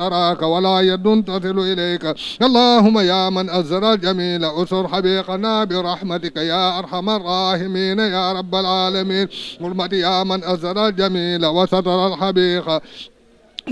تراك ولا يد تصل إليك اللهم يا من أزر الجميل أسر حبيقنا برحمتك يا أرحم الراحمين يا رب العالمين حرمتي يا من أزر الجميل وستر الحبيق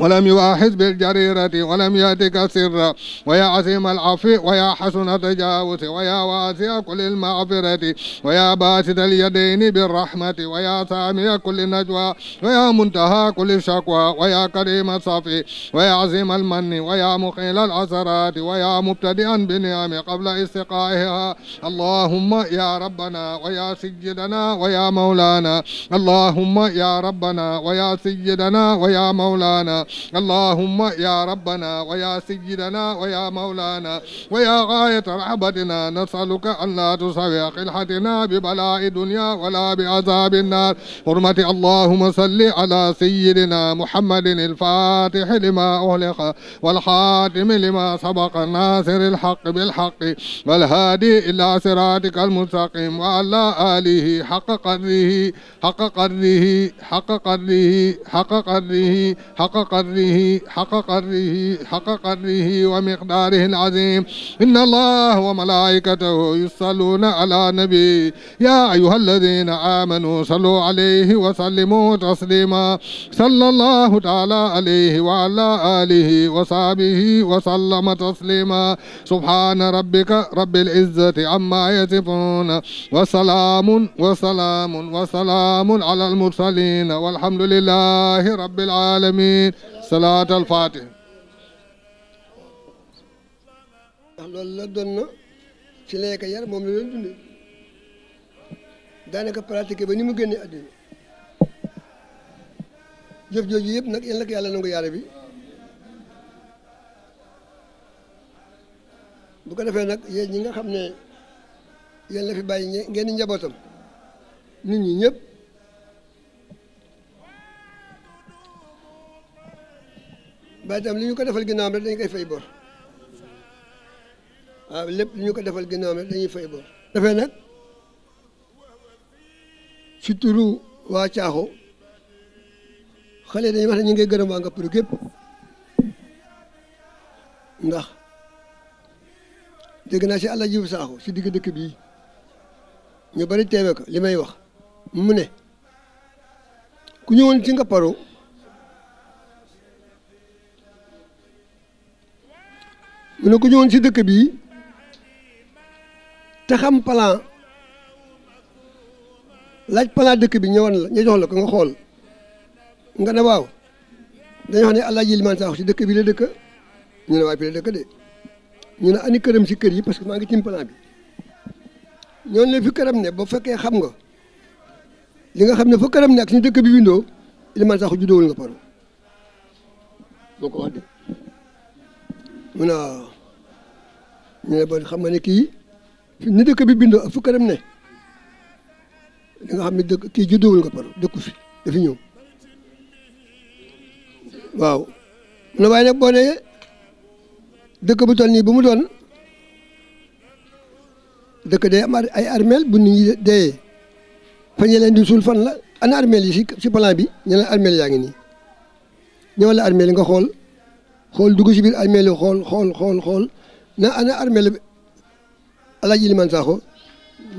ولم يؤاخذ بالجريرة ولم يأتك سرا ويا عظيم العفو ويا حسن التجاوز ويا واسع كل المغفرة ويا باسط اليدين بالرحمة ويا سامي كل نجوى ويا منتهى كل شكوى ويا كريم الصفي ويا عظيم المن ويا مقيل العثرات ويا مبتدئا بنعم قبل استقائها اللهم يا ربنا ويا سيدنا ويا مولانا اللهم يا ربنا ويا سيدنا ويا مولانا اللهم يا ربنا ويا سيدنا ويا مولانا ويا غاية رحمتنا نسألك أن لا تسوي خلحتنا ببلاء دنيا ولا بعذاب النار حرمة اللهم صل على سيدنا محمد الفاتح لما أهلق والخاتم لما سبق الناصر الحق بالحق والهادي إلى صراطك المستقيم وعلى آله حق قدره حق قدره حق قدره حق قدره حق قدره حق قدره حق قدره ومقداره العظيم إن الله وملائكته يصلون على نبي يا أيها الذين آمنوا صلوا عليه وسلموا تسليما صلى الله تعالى عليه وعلى آله وصحبه وسلم تسليما سبحان ربك رب العزة عما يصفون وسلام وسلام وسلام على المرسلين والحمد لله رب العالمين salaat al ndax loolu la doon na ci lekk yar moom la doon dundee daanaka pratiqué ba ni mu génnee àddina jëf jooju yëpp nag yàlla na ko yàlla nangu yaare bi bu ko defee nag yéen ñi nga xam ne yéen la fi bàyyi ngeen njabootam nit ñi ñëpp bàyyi tam li ñu ko defal ginnaawam rek dañu koy fay bor waaw lépp li ñu ko defal ginnaawam rek dañuy fay bor. dafay nag ci turu waa Caaxo xale dañuy wax ne ñu ngi gërëm waa Ngaparou gépp ndax dégg naa si àlla jiw saaxu si digg dëkk bi ñu bari teewe ko li may wax mu ne ku ñëwoon ci Ngaparou mu ko ñëwoon ci dëkk bi te xam plan laaj plan dëkk bi ñëwoon la ñu jox la ko nga xool nga ne waaw dañoo xam ne El Hadj Elimane Sakho ci dëkk bi la dëkk ñu ne waaye bi la dëkk de ñu ne ani këram si kër yi parce que maa ngi ci plan bi ñooñu la fi këram ne ba fekkee xam nga li nga xam ne fa këram ne ak suñu dëkk bi bindoo Elimane Sakho juddowul nga paro moo ko wax ñu ne xam nga ne kii ni dëkk bi bindoo ak fu këram ne li nga xam ne dëkk kii juddoowul ko par dëkku fi dafi ñëw waaw na waaye nag boo ne dëkk bu toll nii bu mu doon dëkk day ay armeel bu nit ñi dee fa ñu di suul fan la ana armeel yi si si bi ñu ne armeel yaa ngi nii ñëwal la armeel nga xool xool dugg si biir armeel yi xool xool xool na ana armée la Alaaji Limaan Saaxo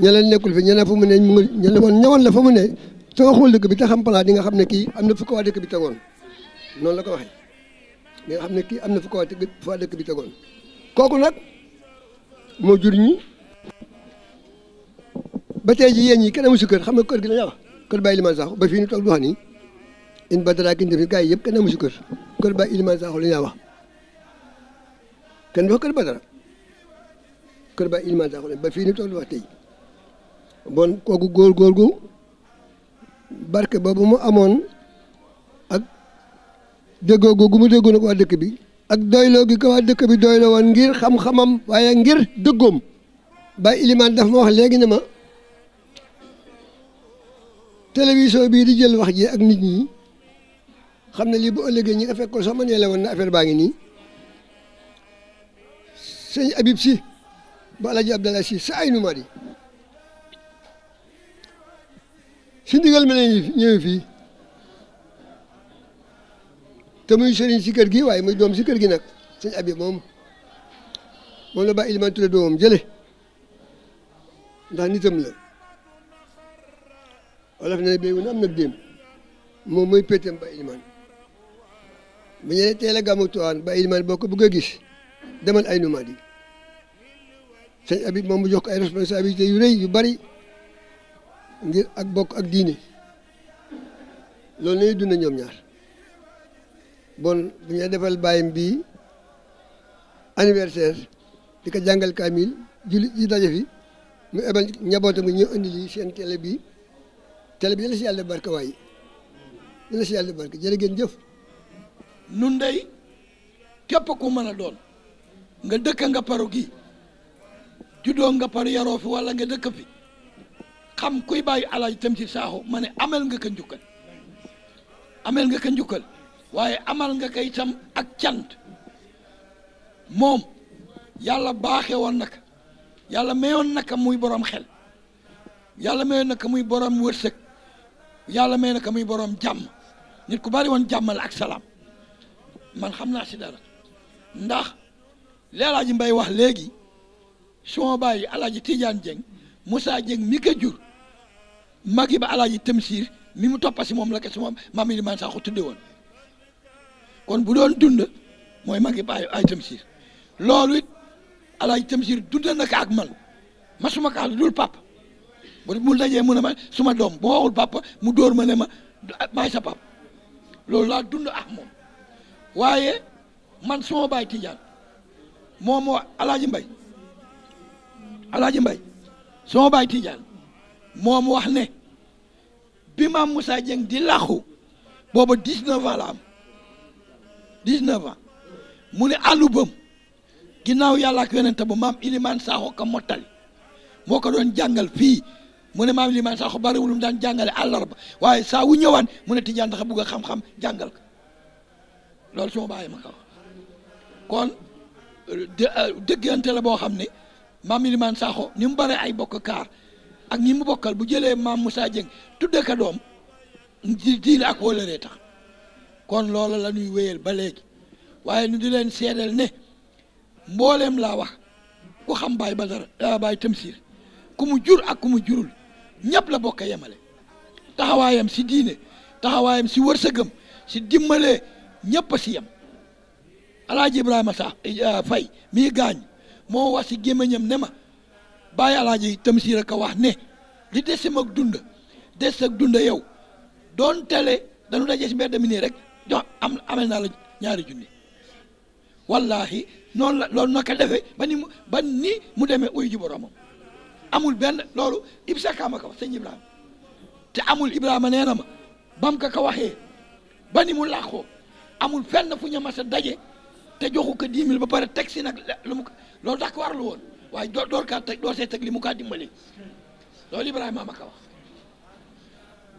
ña leen nekkul fi ña ne fa mu ne mu ngi ña ne woon ñëwoon la fa mu ne te waxul dëkk bi te xam palaas di nga xam ne kii am na fukk waa dëkk bi tegoon noonu la ko waxee di nga xam ne kii am na fukk waa dëkk bi tegoon kooku nag moo jur ñi ba tey ji ñi kenn amu si kër xam nga kër gi la ñu wax kër Baye Limaan ba fii ñu toog du wax nii in badara kin defi gars yi yëpp kenn amu kër kër Baye Limaan Saaxo la ñu wax kenn du wax kër Badara. kër Baay Ilimaan Daaxu ba fii ni toog wax bon kooku góor góor gu boobu mu amoon ak déggoo googu mu déggoo nag waa dëkk bi ak doyloo gi ko bi doyloo woon ngir xam waaye ngir dëggoom Baay Ilimaan daf ma wax léegi ne ma télévision bii di jël wax ji ak nit ñi xam ne lii bu ëllëgee ñi nga fekkoon sax ma ne la woon na affaire baa ngi nii sëñ Habib Sy balaji alaji assi sa ay numéro yi si ndigal mi lañu ñëwee fii te muy sëriñ ci kër gi waaye muy doom ci kër gi nag sëñ abi moom moom la ba iliman tudde doomam jële ndax nitam la wala fi ne béy wun am nag déem moom mooy pétam ba iliman bu ñu teel a gàmmu tuwaan ba iliman boo ko bëgg a gis demal ay numéro yi sëñ abi moom mu jox ko ay responsabilités yu rëy yu bari ngir ak bok ak dini loolu la ñuy dund nyom ñaar bon bu ñu defal bàyyim bi anniversaire dika jangal kamil kaamil jullit dajé fi mu ebal ñabootam ñu andi li seen télé bi télé bi la ci yalla barka way la ci yalla barka jere ngeen jëf. nun day képp ku mëna doon nga dëkk nga paru gi juddoo nga par yaroo fi wala nga dëkk fi xam kuy bàyyi alaaj tam si saaxu ma ne amal nga ko njukkal amal nga ka njukkal waaye amal nga koy tam ak cant moom yàlla baaxee naka yàlla mayoon naka muy boroom xel yàlla mayoon naka muy borom wërsëg yàlla mayoon naka muy boroom jàmm nit ku bari woon jàmmal ak salaam man xam naa si dara ndax leelaa ji mbay wax léegi suma bàyyi alaaji Tidiane Dieng Moussa Dieng mi ko jur magi ba alaaji Tamsir mi mu toppa si moom la ko suma maam Ilimaan Sakho tudde woon kon bu doon dund mooy magi ba ay Tamsir loolu it alaaji Tamsir dund na ko ak man ma suma kaa dul papa bu mu dajee mu ne ma suma doom bu waxul papa mu dóor ma ne ma maay sa papa loolu laa dund ak moom waaye man suma bàyyi Tidiane moom moo alaaji Mbay alaaji mbay sama baay Tijaan moom wax ne bi maam Moussa Dieng di làqu booba dix la am dix mu ne àllu bam ginnaaw yàlla ak yonente ba maam ilimaan saaxo ka mottali moo ko doon jàngal fii mu ne maam ilimaan saaxo bariwulum daan jàngale àllarba waaye saa wu ñëwaan mu ne Tijaan dafa bugg a xam-xam jàngal ko loolu suma bàyyi ma ko kon dëggante la boo xam ne maam Ilimane Sakho ni mu bare ay bokk kaar ak ñi mu bokkal bu jëlee maam mu Dieng tudde ka doom di diile ak wóllëree tax kon loola la ñuy wéyal ba léegi waaye ñu di leen seedeel ne mbooleem laa wax ku xam baay Badara ah, baay Tamsir ku mu jur ak ku mu jurul ñëpp la bokk yemale taxawaayam si diine taxawaayam si wërsëgam si dimbalee ñëpp a si yem alaaji Ibrahima sax eh, fay mii gaañ moo wax si gémmiñam ne ma bàyyi alaaji Tamsir a ka wax ne li des sama dund des sa dund yow doon tele dañu dajee si mbedd mi nii rek jox am amel naa la ñaari junni wallaahi noonu la loolu naka defee ba mu ba ni mu demee uyu ji boromam amul benn loolu ibsa kaama ka wax sëñ Ibrahima te amul Ibrahima nee na ma bam ka ka waxee ba mu làqoo amul fenn fu ñu mas daje te joxu ko 10 ba pare teg si nag lu mu loolu tax ko warlu woon waaye door door kaa teg door li mu kaa dimbali loolu Ibrahima ma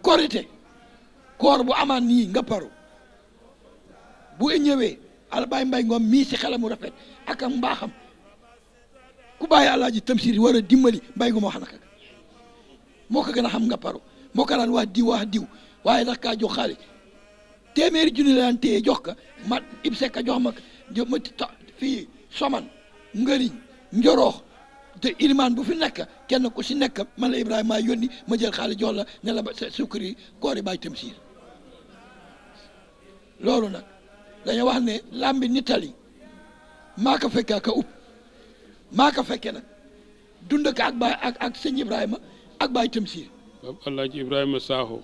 ko bu amaan nii nga paru bu ñëwee albaay mbay ngoom mii si xelam mu rafet ak am mbaaxam ku bàyyi alaaji tamsir war dimbali mbay ngoom wax na ko moo ko gën a xam nga paru moo ko daan wax diw wax diw waaye ndax kaa jox xaalis téeméeri junni la daan jox ka mat ib sekka jox ma jëmati ta fii soman ngëriñ njoroox te ilimaan bu fi nekk kenn ku ci nekk man la Ibrahima yónni ma jël xaalis jox la ne la sa koori bàyyi tamsiir loolu nag dañoo wax ne làmbi nittali maa ko fekkee ka ub maa ko fekkee nag dund ko ak baay ak ak sëñ Ibrahima ak bàyyi tamsiir bab Alaaji Ibrahima Sakho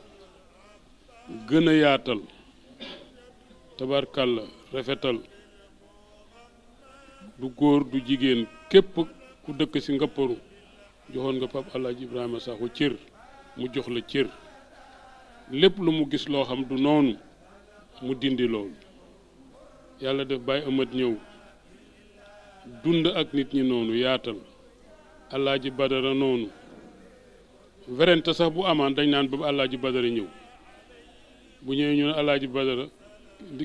gën a yaatal tabarkàlla rafetal du góor du jigéen képp ku dëkk ci nga ngapparu joxoon nga Pape Alaaji Ibrahima Sakho cër mu jox la cër lépp lu mu gis loo xam du noonu mu dindi loolu yàlla def bàyyi amat ñëw dund ak nit ñi noonu yaatal Alaaji Badara noonu werante sax bu amaan dañ naan ba Alaaji Badara ñëw bu ñëwee ñu ne Alaaji Badara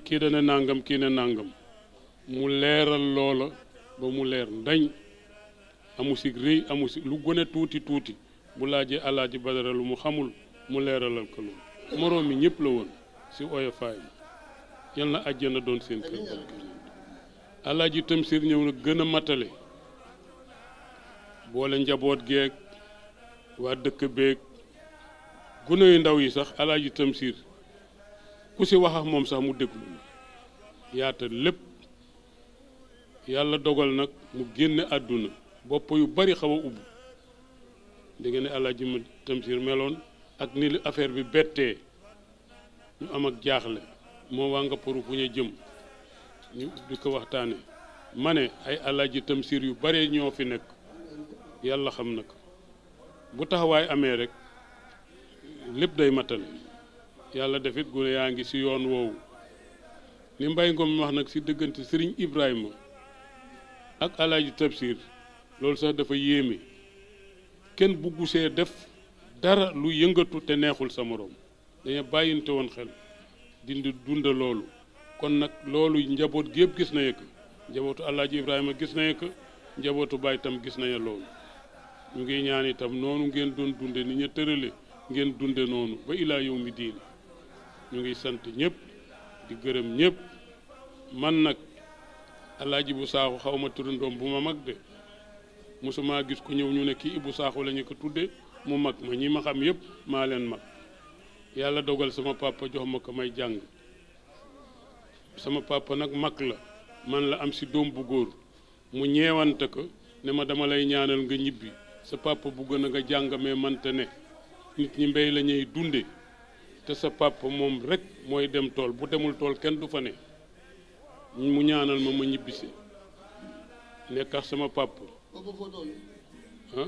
kii da nàngam kii ne nàngam mu leeral loola ba mu leer ndañ amu si rëy amu si lu gën tuuti tuuti bu laajee alaaji badara lu mu xamul mu leeralal ko loolu moroom mi ñëpp la woon si oyofaay bi yal na àjjana doon seen kër barke alaaji tamsir ñëw na gën a matale boole njaboot geeg waa dëkk beeg gune yu ndaw yi sax alaaji tamsir ku si wax moom sax mu déglu yaatal lépp yàlla dogal nag mu génne àdduna bopp yu bari xaw a ubb di nga ne Alaaji ma meloon ak ni lu affaire bi bettee ñu am ak jaaxle moo waa nga poru fu ñu jëm ñu di ko waxtaane ma ne ay Alaaji Tamsir yu bare ñoo fi nekk yàlla xam na ko bu taxawaay amee rek lépp day matal yàlla defit gune yaa ngi ci yoon woowu ni mbay ngoom wax nag ci dëggante Sëriñ Ibrahima ak alaaji Tafsir loolu sax dafa yéeme kenn buggu see def dara lu yëngatu te neexul sa moroom dañu bàyyinte woon xel dindi dunda loolu kon nag loolu njaboot gi yëpp gis na yëkk njabootu alaaji Ibrahima gis na yëkk njabootu Baay tam gis nañu loolu ñu ngi ñaan itam noonu ngeen doon dunde ni ñu tërale ngeen dunde noonu ba ilaa yow mi diini ñu ngi sant ñëpp di gërëm ñëpp man nag Alaji bu saxu xawma ma turandoom bu ma mag de musuma gis ku ñew ñu ne ki ibu saxu lañu ko mu mag ma ñi ma xam yëpp ma leen mag yàlla dogal sama papa jox ma ko may jàng sama papa nag mag la man la am si doom bu góor mu ñeewante ko ne ma dama lay ñaanal nga ñibbi sa papa bugg na nga jàng mais ne nit ñi mbéy la ñuy dunde te sa papa moom rek mooy dem tool bu demul tool kenn du fa ne mu ñaanal ma ma ñibbisi nekk ak sama pàpp ah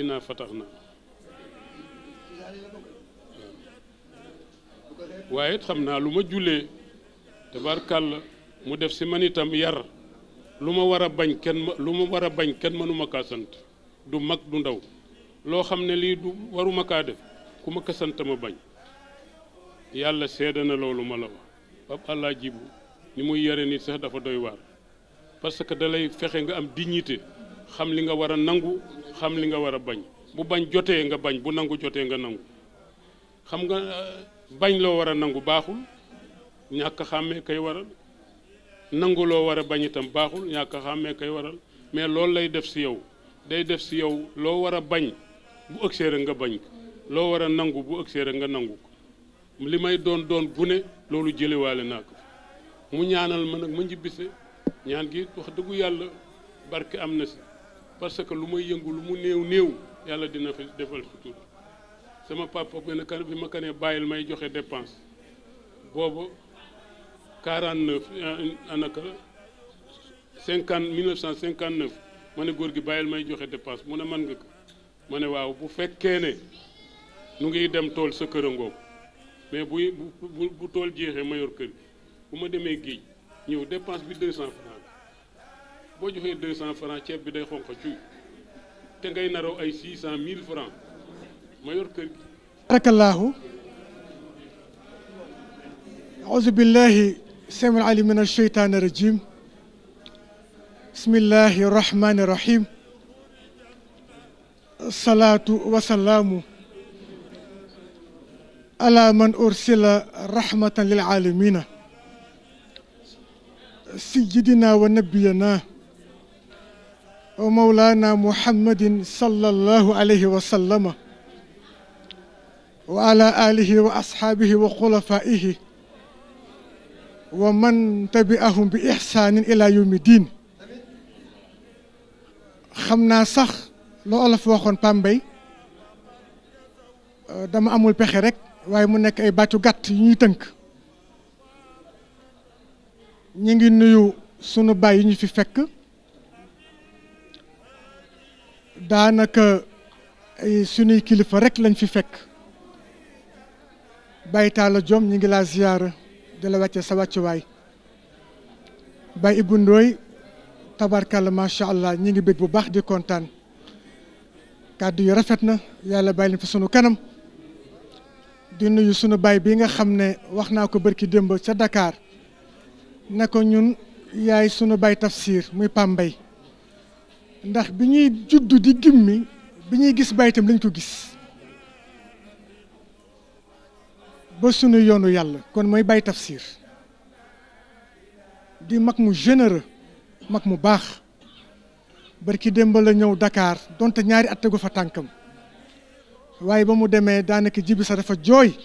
innaa fatax naa waaye it xam naa lu ma jullee tabarkàlla mu def si man itam yar lu ma war a bañ kenn lu ma war a bañ kenn mënuma kasant sant du mag du ndaw loo xam ne lii du waruma kaa def ku ma ko ma bañ yàlla seede na loolu ma la wax Pape Alaaji Jibu ni muy yore nii sax dafa doy waar parce que da lay fexe nga am di dignité xam li nga war a nangu xam li nga war a bañ bu bañ jotee nga bañ bu nangu jotee nga nangu xam nga euh, bañ loo war a nangu baaxul ñàkk xàmmee kay waral nangu loo war a bañ itam baaxul ñàkk xàmmee kay waral mais loolu lay def si yow day def si yow loo war a bañ bu ëgsee rek nga bañ loo war a nangu bu ëgsee rek nga nangu li may doon doon bu ne loolu jëlewaale naa ko mu ñaanal ma nag ma njëbbise ñaan gi wax dëggu yàlla barke am na si parce que lu may yëngu lu mu néew néew yàlla dina fi defal sutur sama papa benn kan bi ma ka bàyyil may joxe dépense boobu 49 euh, anaka 50 1959 ma ne góor gi bàyyil may joxe dépense mu ne man nga ko ma ne waaw bu fekkee ne nu ngi dem tool sa kër a ngoog mais bu bu bu tool jeexee ma yor kër gi buma démé demee géej ñëw dépense bi 200 francs bo joxé 200 francs ciép bi day xonq ci te ngay naro ay 600000 francs ma yor kër gi. barakallaahu auzu billahi السميع العليم من الشيطان الرجيم بسم الله الرحمن الرحيم الصلاة والسلام على من أرسل رحمة للعالمين سيدنا ونبينا ومولانا محمد صلى الله عليه وسلم وعلى آله وأصحابه وخلفائه ومن تبعهم بإحسان إلى يوم الدين خمنا صخ لو ألف وخون بامبي دم أمول بخيرك rek منك أي باتو ay يتنك ñu ngi nuyu sunu baay yi ñu fi fekk daanaka sunuy kilifa rekk lañ fi fekk Baye Talla Diom ñu ngi laa ziyaara di la wàcce sa wàccuwaay Baye Ibou Ndoye tabarkalla macha allah ñi ngi bëgg bu baax di kontaan kàddu yu rafet na yàlla bàyyi leen fi sunu kanam di nuyu sunu baay bi nga xam ne wax naa ko bërki démb ca dakaar ne ko ñun yaay sunu bay tafsir muy pambay ndax bi ñuy juddu di gimmi bi ñuy gis baytam lañ ko gis ba sunu yoonu yàlla kon mooy bay tafsir di mag mu généreux mag mu baax barki démb la ñëw dakaar donte ñaari at tegu fa tànkam waaye ba mu demee daanaka jibi sa dafa jooy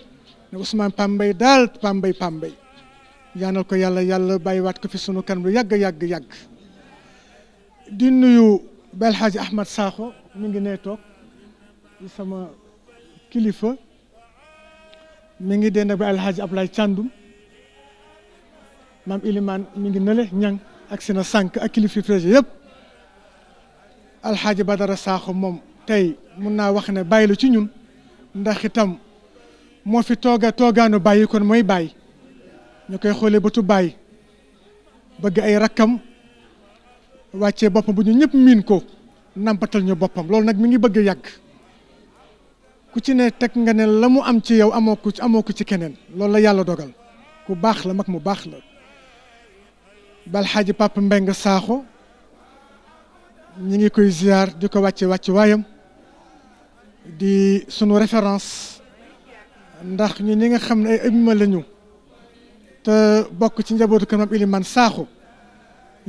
ne Ousmane Pambay daal Pambay Pambay ñaanal ko yàlla yàlla bàyyiwaat ko fi sunu kan bu yàgg yàgg yàgg di nuyu Belhadji Ahmad Sakho mu ngi nee toog di sama kilifa mu ngi dend ak Belhadji Ablaye Thiandoum maam Ilimane mi ngi nële ñang ak sina sànq ak kilifa projet yëpp ba dara Sakho moom tey mun naa wax ne bàyyi la ci ñun ndax itam moo fi tooga toogaanu bàyyi kon mooy bàyyi ñu koy xoolee bëtu baay bëgg ay rakkam wàccee boppam bu ñu ñëpp miin ko nampatal ñu boppam loolu nag mi ngi bëgg yàgg ku ci ne teg nga ne la mu am ci yow amoo ko ci amoo ko ci keneen loolu la yàlla dogal ku baax la mag mu baax la bal xaaji Papa Mbeng Saaxo ñu ngi koy ziar di ko wàcce wàcc waayam di sunu référence ndax ñu ñi nga xam ne ay ëmma lañu te bokk ci njabootu kër maam man Saaxu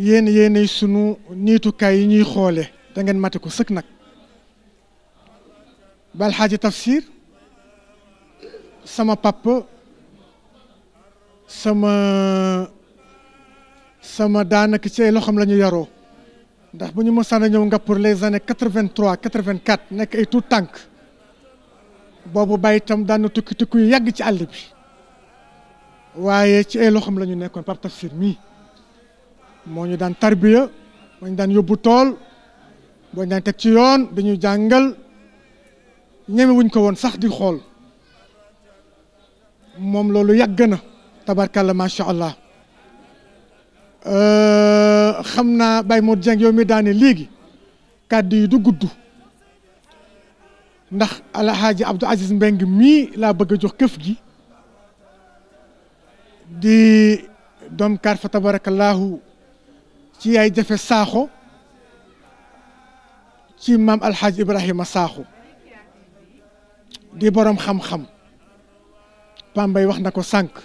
yéen yéenay sunu niitukaay yi ñuy xoole da ngeen mate ko sëkk nag bal xaaji tafsir sama papa sama sama daanaka ci ay loxoom la ñu yaroo ndax bu ñu mosaan a ñëw nga pour les années quatre-vingt-trois quatre-vingt-quatre nekk ay tout tànk boobu bàyyi itam daan na tukki tukki yu yàgg ci àll bi waaye ci ay loxoom lañu ñu nekkoon Pape Tafsir mii moo ñu daan tarbiya moo ñu daan yóbbu tool boo ñu daan teg ci yoon dañuy jàngal ñemewuñ ko woon sax di xool moom loolu yàgg na tabarkàlla macha allah euh, xam naa Baye Modou Dieng yow mi daane léegi kàddu yi du gudd ndax Alhaaji Abdou Aziz Mbeng mii laa bëgg a jox këf gi di doom kaat fa tabarakallahu ci yaay jafe saaxo ci maam alxaaj ibrahima saaxo di borom xam-xam pambay wax na ko sànq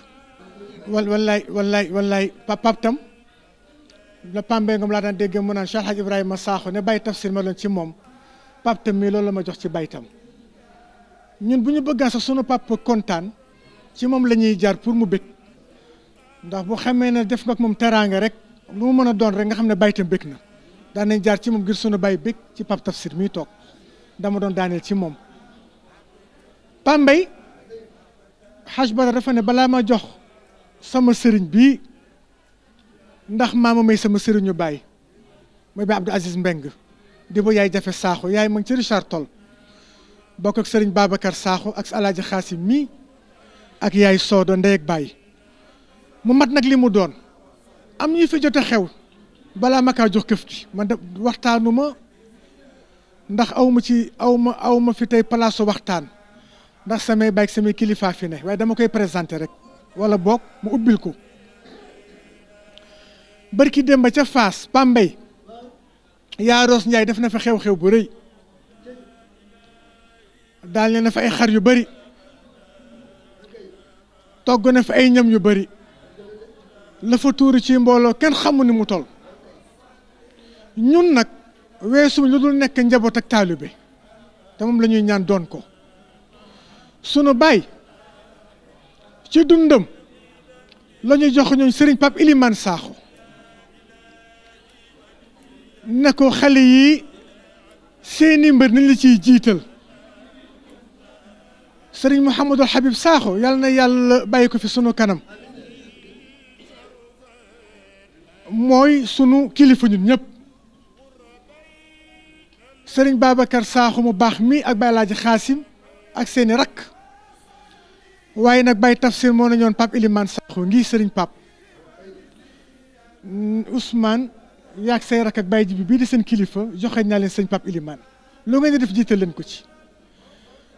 wal wallaay wallaay wallaay pap tam la pambay ngom laa daan dégg mu naan alxaaj ibrahima saaxo ne bàyyi tafsir ma loon ci moom pap tam mii loolu la ma jox ci baytam ñun bu ñu bëggaan sax sunu pap kontaan ci moom la ñuy jaar pour mu bég ndax boo xamee ne def nga moom teraanga rek lu mu mën a doon rek nga xam ne baytam bég na daan jaar ci moom gis sunu bay bég ci Pape Tafsir mii toog dama doon daaneel ci moom Pambay xaj bara dafa ne balaa ma jox sama sëriñ bii ndax maama may sama sëriñu baay mooy ba Abdou Aziz Mbeng di ba yaay jafe saaxu yaay ma ngi ci Richard Toll bokk ak sëriñ baabakar Saaxu ak alaaji Xaasim mii ak yaay soodo ndey ak baay mu mat nak limu doon am ñu fi jotté xew bala ma kaa jox këf ci man de waxtaanu ndax awma ci awma awma fi tay place waxtan ndax samay bayk samay kilifa fi ne way dama koy présenter rek wala bok mu ubbil ko barki Demba ca Faas Pambay ya ros ñay def na fa xew-xew bu reuy dal na fa ay xar yu bari togg na fa ay ñam yu bari la fa tuuri ci mbooloo kenn xamu ni mu toll ñun nag weesuñ lu dul nekk njaboot ak taalibe te moom la ñuy ñaan doon ko sunu baay ci dundam la jox ñun Serigne pap iliman Sakho ne ko xale yi seeni mbër nañ la ciy jiital Serigne Mouhamadou Habib Sakho yàlla na yàlla bàyyi ko fi sunu kanam mooy sunu kilifa ñun ñëpp sëriñ Babacar Sakho mu baax mii ak Baye Laaji Xaasim ak seeni rakk waaye nag Baye Tafsir moo nañoon Pape Elimane Sakho ngi sëriñ Pape Ousmane yaag say rakk ak Baye Jibi bii di seen kilifa joxe naa leen sëñ Pape Elimane lu ngeen di def jiital leen ko ci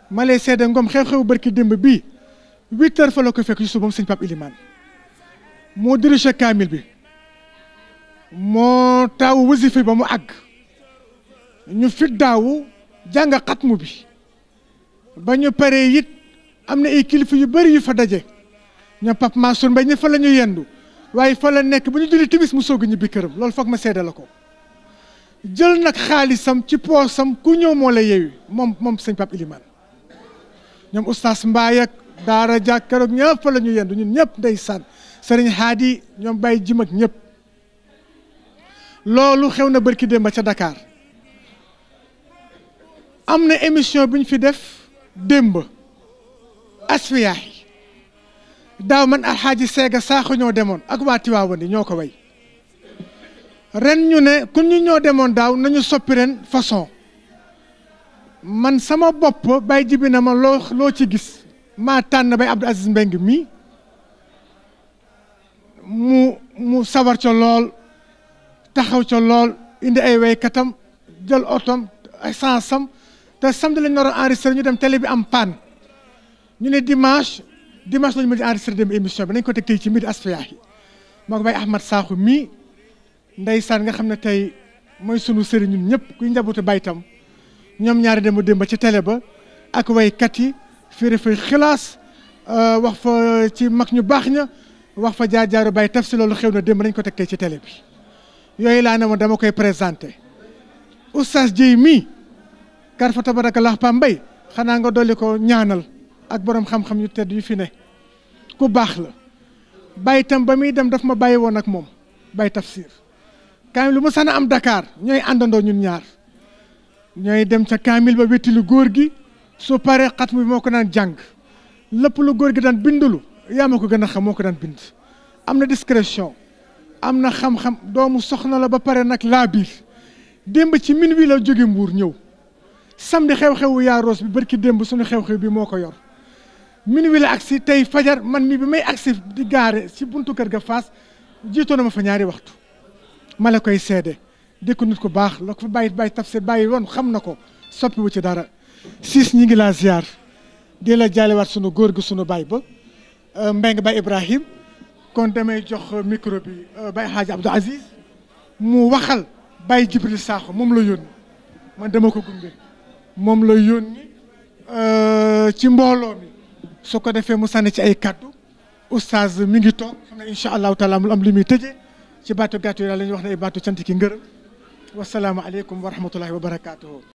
ma lay seede ngom xew-xew barki démb bii huit fa la ko fekk ci suba moom sëñ Pape Elimane moo dirige kaamil bi moo taawu wasifa ba mu àgg ñu fit daawu jàng xatmu bi ba ñu paree it am na ay kilifa yu bëri yu fa daje ñoom Pape Mansour Mbaye ñi fa la ñu yendu waaye fa la nekk bu ñu julli timis mu soog a ñibbi këram loolu foog ma seede la ko jël nag xaalisam ci poosam ku ñëw moo la yeewi moom moom sëñ Pape Ilimane ñoom oustaz Mbaye Daara Dia keroog ñëpp fa la ñu yendu ñun ñëpp ndeysaan sëriñ Haadi ñoom Baye Jim ak ñëpp. loolu xew na bërki démb ca dakaar am na émission bi ñu fi def démb asfiyahi daaw man alxaaji seega saaxu ñoo demoon ak waa Tiwaawandi ñoo ko way ren ñu ne comme ñu ñoo demoon daaw nañu soppi ren façon man sama bopp bay jibi na ma loo loo ci gis maa tànn bay Abdou Aziz Mbeng mi mu mu sawar ca lool taxaw ca lool indi ay waykatam jël otom ay sansam te samedi lañ naroon enregistré ñu dem télé bi am panne ñu ne dimanche dimanche lañu mën di enregistré dem émission bi nañ ko teg tey ci midi Asfiyahi moo ko bay Ahmad Sakho mii ndeysaan nga xam ne tey mooy sunu sëriñ ñëpp kuy njabootu baytam ñoom ñaari dem dem ba ci télé ba ak waykat yi firi fay xilaas euh, wax fa ci mag ñu baax ña wax fa jaar jaaru bay taf si loolu xew na démb nañ ko teg tey ci télé bi yooyu laa ne ma dama koy présenté oustaz Dieye mii kar ba tabarakallah Pam Mbaye xanaa nga dolli ko ñaanal ak boroom xam-xam yu tedd yu fi ne ku baax la bàyyi tam ba muy dem daf ma bàyyi woon ak moom bay tafsir kaamil lu ma sana am Dakar ñooy àndandoo ñun ñaar ñooy dem ca kaamil ba wétti lu góor gi su paree xat bi moo ko daan jàng lépp lu góor gi daan bindulu yaa ma ko gën a xam moo ko daan bind am na discrétion amna xam-xam doomu soxna la ba pare nak la bir démb ci min wi la jóge mbour ñëw samedi xew-xewu ros bi barki démb suñu xew-xew bi moko yor min wi la aksi tay fajar man mi bi may aksi di garé ci buntu kër ga fas jittona ma fa ñaari waxtu mala koy sédé dëkk nit ko bax la ko fa bayit bay tafsir bàyyi won xam nako soppi wu ci dara siis ñi ngi la ziar di la jale wat sunu gor gu sunu bay ba mbeng ba Ibrahim kon damay jox micro bi euh, Baye Hadj Abdou Aziz mu waxal Baye Jibril Sakho moom la yónni man dama ko gunge moom la yónni euh, ci mbooloo mi su ko defee mu sànni ci ay kaddu oustaz mi ngi toog xam ne incha allahu taala mu am li muy tëjee ci baatu gàttu yi la ñuy wax ne ay baatu cant ki ngërëm wasalaamualeykum wa rahmatullahi wa barakaatuhu